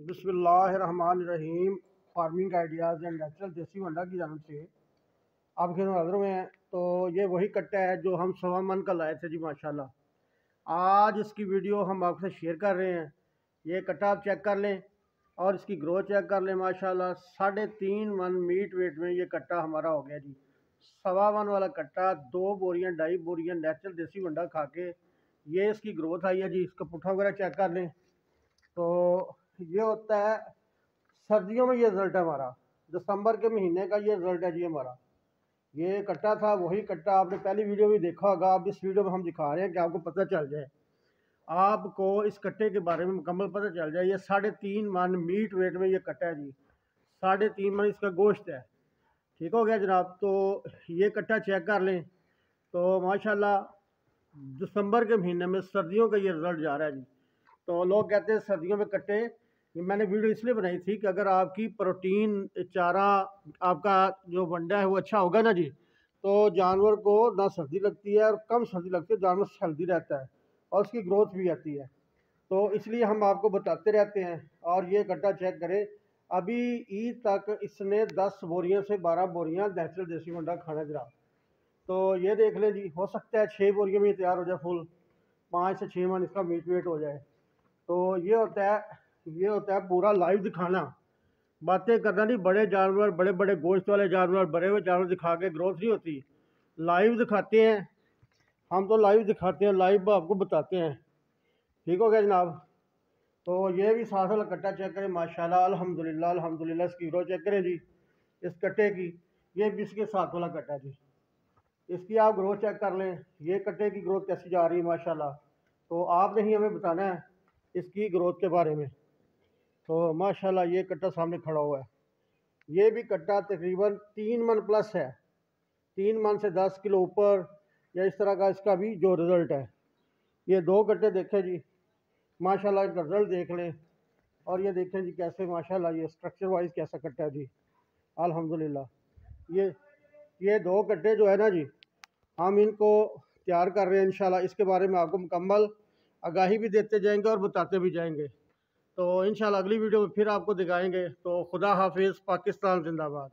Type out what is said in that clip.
बिसमीम farming ideas and natural desi वंडा की जानब से आपके नजर में तो ये वही कट्टा है जो हम सवा मन का लाए थे जी माशाल्लाह आज इसकी वीडियो हम आपसे शेयर कर रहे हैं ये कट्टा आप चेक कर लें और इसकी ग्रोथ चेक कर लें माशाल्लाह साढ़े तीन मन मीट वेट में ये कट्टा हमारा हो गया जी सवा मन वाला कट्टा दो बोरियाँ ढाई बोरियाँ नेचुरल देसी वंडा खा के ये इसकी ग्रोथ आई है जी इसका पुट्ठा वगैरह चेक कर लें ये होता है सर्दियों में ये रिजल्ट है हमारा दिसंबर के महीने का ये रिजल्ट है जी हमारा ये कट्टा था वही कट्टा आपने पहली वीडियो भी देखा होगा आप इस वीडियो में हम दिखा रहे हैं कि आपको पता चल जाए आपको इस कट्टे के बारे में मुकम्मल पता चल जाए ये साढ़े तीन मन मीट वेट में ये कट्टा है जी साढ़े तीन मन इसका गोश्त है ठीक हो गया जनाब तो ये कट्टा चेक कर लें तो माशाल्लाह दिसंबर के महीने में सर्दियों का ये रिज़ल्ट जा रहा है जी तो लोग कहते हैं सर्दियों में कट्टे मैंने वीडियो इसलिए बनाई थी कि अगर आपकी प्रोटीन चारा आपका जो वंडा है वो अच्छा होगा ना जी तो जानवर को ना सर्दी लगती है और कम सर्दी लगती है जानवर हेल्दी रहता है और उसकी ग्रोथ भी आती है तो इसलिए हम आपको बताते रहते हैं और ये गड्ढा चेक करें अभी ईद तक इसने दस बोरियों से बारह बोरियाँ नेचुरल देसी वंडा खाना जरा तो ये देख लें जी हो सकता है छः बोरियों में तैयार हो जाए फुल पाँच से छः मन इसका मीट वेट हो जाए तो ये होता है ये होता है पूरा लाइव दिखाना बातें करना नहीं बड़े जानवर बड़े बड़े गोश्त वाले जानवर बड़े हुए जानवर दिखा के ग्रोथ नहीं होती लाइव दिखाते हैं हम तो लाइव दिखाते हैं लाइव आपको बताते हैं ठीक हो गया जनाब तो ये भी साथ वाला कट्टा चेक करें माशाल्लाह अल्हम्दुलिल्लाह अल्हम्दुलिल्लाह इसकी ग्रोथ चेक करें जी इस कट्टे की ये भी इसके साथ वाला कट्टा जी इसकी आप ग्रोथ चेक कर लें ये कट्टे की ग्रोथ कैसी जा रही है माशाल्लाह तो आपने ही हमें बताना है इसकी ग्रोथ के बारे में तो माशाल्लाह ये कट्टा सामने खड़ा हुआ है ये भी कट्टा तकरीबन तीन मन प्लस है तीन मन से दस किलो ऊपर या इस तरह का इसका भी जो रिज़ल्ट है ये दो कट्टे देखें जी माशाल्लाह इनका रिज़ल्ट देख लें और ये देखें जी कैसे माशाल्लाह ये स्ट्रक्चर वाइज कैसा कट्टा है जी अल्हम्दुलिल्लाह ये ये दो कट्टे जो है ना जी हम इनको तैयार कर रहे हैं इन इसके बारे में आपको मुकम्मल आगाही भी देते जाएंगे और बताते भी जाएंगे तो इन अगली वीडियो में फिर आपको दिखाएंगे तो खुदा हाफिज़ पाकिस्तान जिंदाबाद